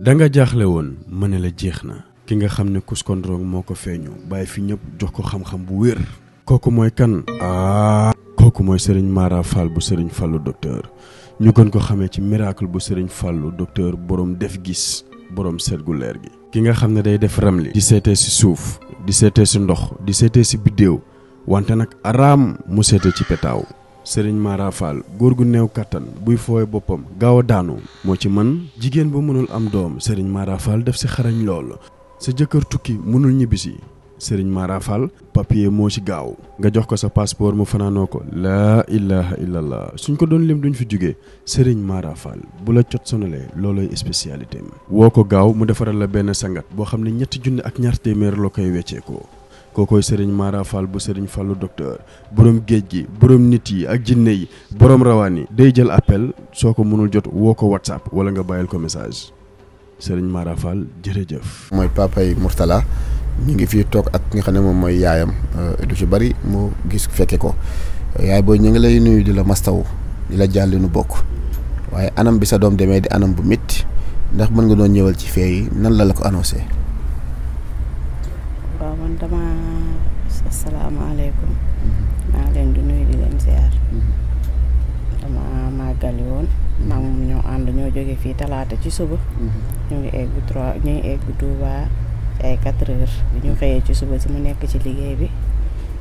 da nga jaaxle woon ma ne la jeex na ki nga xam ne kuskondrong moo ko feeñu bàyyi fi ñëpp jox ko xam-xam bu wér kooku mooy kan ah kooku mooy sëriñ Mara bu sëriñ Fallu docteur ñu gën ko xamee ci miracle bu sëriñ Fallu docteur borom def gis borom seet gu leer gi ki nga xam ne day def ramli di seetee si suuf di seetee si ndox di seetee si biddéew wante nag araam mu seetee ci petaaw Serigne Mara góor gu néew kattan buy fooy boppam gaaw a daanu moo ci man jigéen ba mënul am doom Serigne Mara def si xarañ lool sa jëkkër tukki mënul ñibbisi Serigne Mara Fall papier moo ci gaaw nga jox ko sa passeport mu fanaanoo ko laa ilaha illallah suñ ko doon lim duñ fi jóge Serigne Mara Fall bu la cot sonalee looluy spécialité am woo ko gaaw mu defaral la benn sangat boo xam ne ñetti junni ak ñaar téeméer loo koy weccee ko kookooy sëriñ Mara Fall bu sëriñ Fallu docteur boroom géej gi borom nit yi ak jinne yi borom rawaan yi day jël appel soo ko mënul jot woo ko whatsapp wala nga bàyyil ko message sëriñ Mara Fall jërëjëf. mooy papay Mourtala ñu ngi fi toog ak nga xam ne moom mooy yaayam euh, du ci bari mu gis fekke ko yaay booy ñu ngi lay nuyu di la mastaw di la jàll nu bokk waaye anam bi sa doom demee di anam bu métti ndax mën nga doon ñëwal ci fee yi nan la la ko annoncé. man dama asalaamaaleykum mm-hmm. maa leen du nuyu di leen ziar mm-hmm. dama màggali woon mm-hmm. maam ñoo ànd ñoo jóge fii talaata ci suba ñu ngi egg trois ñu ngi egg Touba ay quatre heures ñu xëyee ci suba si mu nekk ci liggéey bi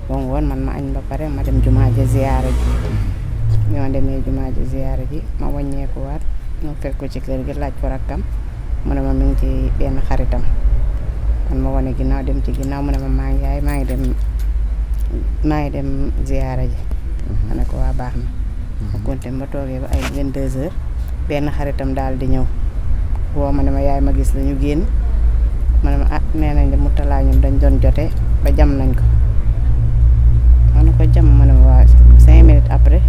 bon woon man ma añ ba pare ma dem jumaa ji ziyaara ji ñoo demee jumaa ji ziyaara ji ma wàññeekuwaat ñu fekk ci kër gi laaj ko rakkam mu ne ma mi ci benn xaritam man ma wane ginnaaw dem ci ginnaaw mu ne ma maa ngi yaay maa ngi dem ngi dem ziyaara ji mhm. ma ne ko waa baax na mhm. ma konte ma toogee ba ay vingt deux heures benn xaritam daal di ñëw woo ma ne ma yaay ma gis la ñu génn ma ne ma ah nee nañ de Mourtalla dañ doon jote ba jam nañ ko ma ne ko jam ma ne ma waa cinq minutes après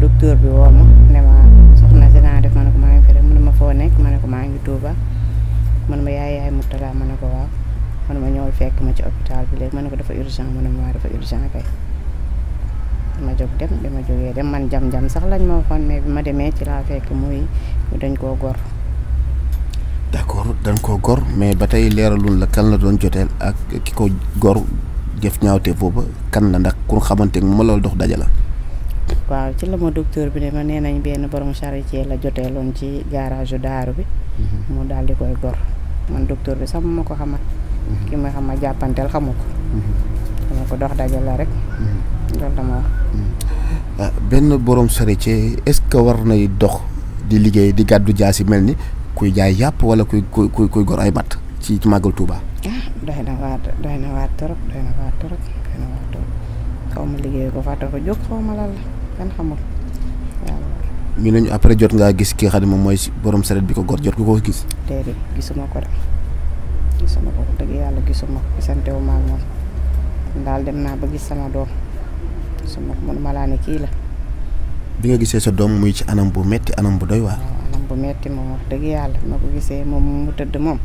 docteur bi woo ne ma soxna si naa def ma ne ko maa ngi fi rek mu ma foo nekk ma ne ko maa ngi Tuuba man ma yaay yaay Mourtalla ma ne ko waaw man ma ñëwal fekk ma ci hôpital bi léegi ma ne ko dafa urgent ma ne ma dafa urgent kay ma jóg dem bi ma jógee dem man jam-jam sax lañ ma waxoon mais bi ma demee ci laa fekk muy dañ koo gor. d'accord dañ koo gor mais ba tey leeralul la kan la doon joteel ak ki ko gor booba kan la ndax ku xamante ne ma loolu dox daje la. waaw ci la ma docteur bi ne ma nee nañ benn borom charité la joteeloon ci garage daaru bi. Mhm. mu daal di koy gor man docteur bi sax mu ma ko xamal. ki ma xam ma jàppanteel xamu ko. dama mm-hmm. ko dox dajale rek. Mm-hmm. Mm-hmm. Ah, benn borom charretier est-ce que war nay dox di liggéey di gàddu jaar si mel ni kuy jaay yàpp wala kuy kuy kuy gor ay matt ci màggal Touba. Ah, doy na waar doy na na waar trop xaw ma liggéey ko fàtte ko jóg xaw ma lan la kenn xamul waaw. ñu ne ñu après jot ngaa gis ki nga xam moom mooy borom sareet bi ko gor jot ko koo gis. déedéet gisuma ko de. gisuma ko dëgg yàlla gisuma ko gisante wu ma moom daal dem naa ba gis sama doom gisuma ko mënuma laa ne kii la. bi nga gisee sa doom muy ci anam bu metti anam bu doy waar. anam bu metti moom wax dëgg yàlla ma ko gisee moom mu tëdd moom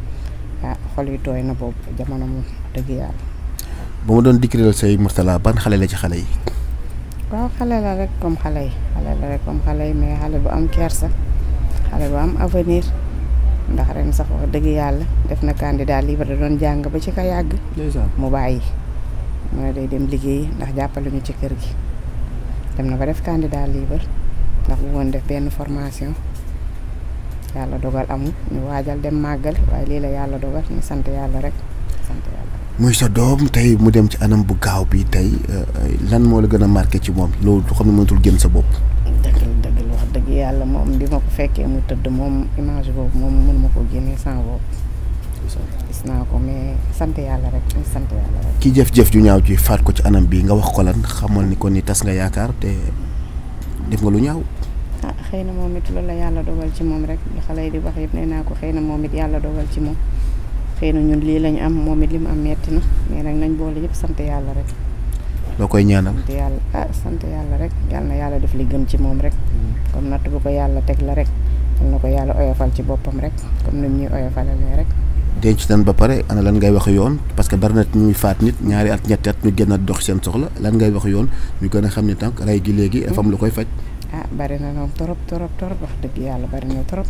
ah xol yi tooy na boobu jamono moom dëgg yàlla. ba ma doon dikkireel say Mourtala ban xale la ci xale yi. waaw xale la rek comme xale yi xale la rek comme xale yi mais xale bu am kersa xale bu am avenir. ndax ren sax wax dëgg yàlla def na candidat libre da doon jàng ba ci ka yàgg. mu bàyyi. mooy ne day dem liggéey ndax jàppale ñu ci kër gi dem na ba def candidat libre ndax bu woon def benn formation yàlla dogal amul ñu waajal dem màggal waaye lii la yàlla dogal ñu sant yàlla rek sant yàlla. muy sa doom tey mu dem ci anam bu gaaw bi tey euh, lan moo la gën a marqué ci moom loolu xam ne mënatul génn sa bopp. yàlla moom li ma ko fekkee mu tëdd moom image boobu moom ma koo génnee sans gis naa ko mais sant yàlla rek sant yàlla rek ki jëf-jëf ju ñaaw ci faat ko ci anam bi nga wax ko lan xamal ni ko ni tas nga yaakaar te def nga lu ñaaw ah xëy na moom it loolu la yàlla dogal ci moom rek li yi di wax yëpp nee naa ko xëy na moom it yàlla dogal ci moom xëy na ñun lii lañ am moom it li mu am metti na mais nag nañ boole yëpp sant yàlla rek loo koy ñaanal. sant yàlla ah sant yàlla rek yal na yàlla def li gën ci moom rek. Mm. comme natt bu ko yàlla teg la rek yal na ko yàlla oyofal ci boppam rek comme ni ñuy oyofalee rek. denc nañ ba pare ana lan ngay wax yoon parce que bari na ñuy faat nit ñaari at ñetti gën a dox seen soxla lan ngay wax yoon ñu gën a xam ne tànk rey gi léegi. dafa am lu koy faj. ah bari na noonu trop trop trop wax dëgg yàlla bari na trop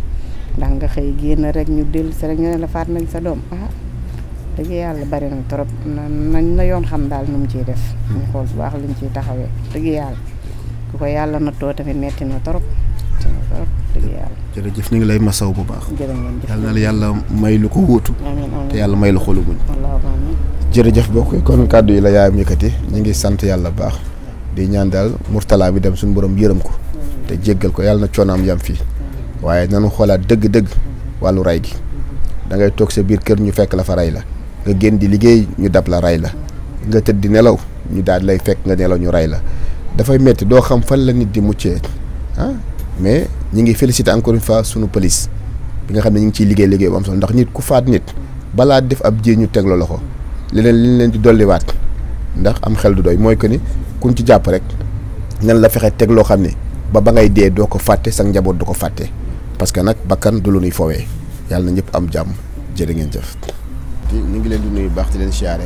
ndax nga xëy génn rek ñu dellu si rek ñu la faat nañ sa doom ah. dëgg yàlla bari na na yoon xam daal nu mu ciy def. Hmm. xool bu baax luñ ciy taxawee dëgg yàlla ku ko yàlla nattoo tamit metti na trop trop dëgg ñu ngi lay masaw bu baax. jërëjëf na la yàlla may lu ko wóotu. yàlla may lu xolu muñ. jërëjëf kon kàddu yi la yaayam yëkkati ñu ngi sant yàlla bu baax di ñaan daal murtala bi dem suñu boroom yërëm ko. te jéggal ko yàlla na coonaam yam fii waaye nanu xoolaat dëgg-dëgg wàllu ray gi dangay toog sa biir kër ñu fekk la fa ray la nga génn di liggéey ñu dab la rey la nga tëdd di nelaw ñu daal lay fekk nga nelaw ñu rey la dafay metti doo xam fan la nit di muccee ah mais ñi ngi féliciter encore une sunu police bi nga xam ne ñu ngi ciy liggéey liggéey bu am solo ndax nit ku faat nit balaa def ab jii ñu teg la loxo leneen li leen di dolliwaat ndax am xel du doy mooy que ni kuñ ci jàpp rek ñan la fexe teg loo xam ne ba ba ngay dee doo ko fàtte sa njaboot du ko fàtte parce que nag bakkan du lu nuy fowee yàlla na ñëpp am jàmm jërë ngeen jëf. yëkkati ñu ngi leen di nuyu baax di leen siyaare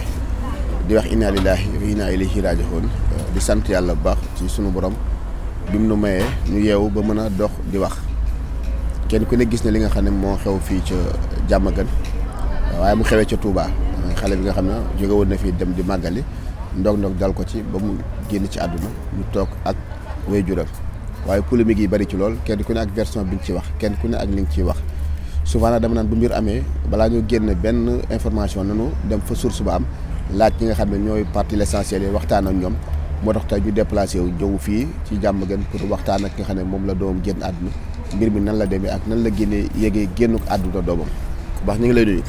di wax inna lillahi wa inna ilayhi raji'un di sant yàlla bu baax ci sunu borom bi mu nu mayee ñu yeewu ba mën a dox di wax kenn ku ne gis na li nga xam ne moo xew fii ca jàmm Diamaguène waaye mu xewee ca Touba xale bi nga xam ne jógewoon woon na fii dem di màggali ndog ndog dal ko ci ba mu génn ci àdduna ñu toog ak waajuram waaye polémique yi bari ci lool kenn ku ne ak version bi ñu ci wax kenn ku ne ak li nga ciy wax souvent nag dama naan bu mbir amee balaa ñu génn benn information nanu dem fa source ba am laaj ñi nga xam ne ñooy partie l'essentiel yi waxtaan ak ñoom moo tax tay ñu déplacé wu jëw fii ci jàmm gën pour waxtaan ak ki nga xam ne moom la doom génn àdduna mbir mi nan la demee ak nan la génnee yéegee génnuk àdduna doomam ku baax ñu ngi lay nuyu.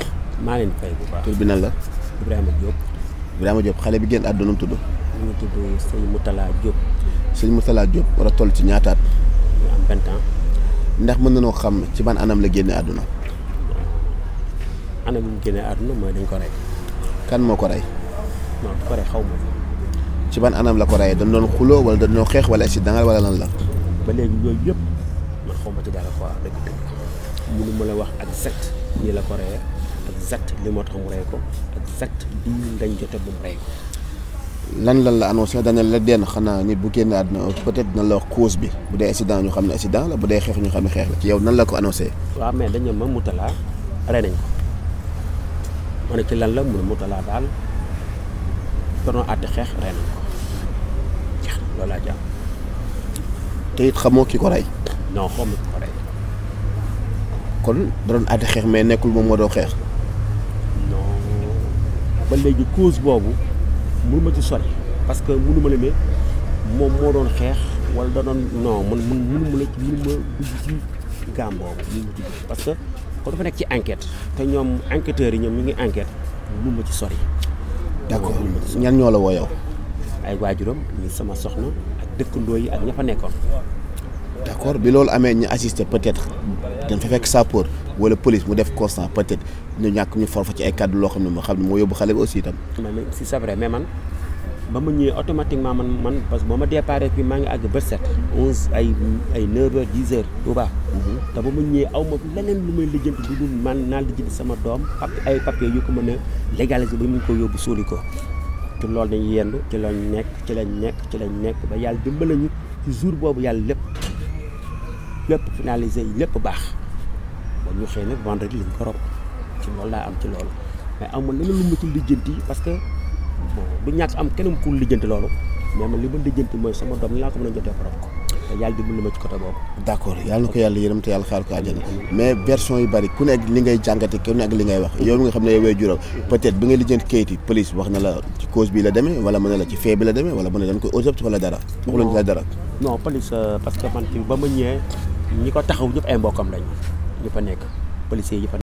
maa leen fay bu baax bi nan la. Ibrahima Diop. Ibrahima Diop xale bi génn àdduna mu tudd. mu tudd sëñ mu Diop. sëñ Moutala Diop war a toll ci ñaataat. ñu am 20 ans. ndax mën na nañoo xam ci ban anam la génne àdduna. anam yi mu génne àdduna mooy dañ ko rey. kan moo ko rey. non ko rey xaw ma. ci ban anam la ko reyee dañ doon xuloo wala dañ doon xeex wala accident wala na la. ba léegi yooyu yëpp man xaw ma ci dara quoi dëgg dëgg mënu ma la wax exact nii la ko reyee exact li tax mu rey ko exact lii lañ jotee ba mu rey ko. lan lan la annoncé dana la denn xanaa nit bu génn àdduna peut-être la wax cause bi bu dee accident ñu xam ne accident la bu dee xeex ñu xam ne xeex la ci a nan la ko annoncé. waaw nañ ko ci lan la mu ne Moutalla doon àtte xeex rey ko te it xamoo ki ko rey. non xaw ma kon da doon àtte xeex mais nekkul moom moo doon xeex. non ba léegi cause boobu. mënu ma ci sori parce que mënu ma la ne moom moo doon xeex wala da doon non man mun mënu ma la mënu ma ci gaam parce que kon dafa nekk ci enquête te ñoom enquêteurs yi ñoom ñu ngi enquête mënu ma ci sori. d'accord ñan ñoo la woo ay waajuram ñu sama soxna ak dëkkandoo yi ak ña fa nekkoon. d'accord bi loolu amee ñu assisté peut-être dañ fa fekk sapeur. wala police mu def constant peut-être ñu ñàkk ñu forfa ci ay kàddu loo xam ne moo xam ne moo yóbbu xale bi aussi itam. mais si c'est vrai mais man ba mu ñëwee automatiquement man man parce que boo ma déparé fii maa ngi àgg bët set. 11 ay ay 9 heures 10 baax mhm. te ba ma ñëwee aw ma leneen lu may lijjanti lu dul man naa lijjanti sama doom ay papier yu ko mën a légaliser ba mu ko yóbbu suuli ko. ci loolu dañuy yendu ci lañ nekk ci lañ nekk ci lañ nekk ba yàlla dimbali ñu ci boobu yàlla lépp lépp finalisé yi baax. ba ñu xëy nag vendredi lañ ko rob ci loolu laa am ci loolu mais amul leneen lu ma ci que bon du ñàkk am kenn ku lijjanti loolu mais man li ma lijjanti mooy sama doom laa ko mën a jotee ko ma na ko yàlla li ngay wax yow mi nga ne yow wee juróom peut-être yi police wax na la demee wala mën na la ci fee bi la demee wala mën na dañ koy auto wala dara. waxuñu la dara. non police euh, parce que man ci ba ma ñëwee ñi ko taxaw ñëpp ay mbokkam lañu. yu fa nekk policiers yi fa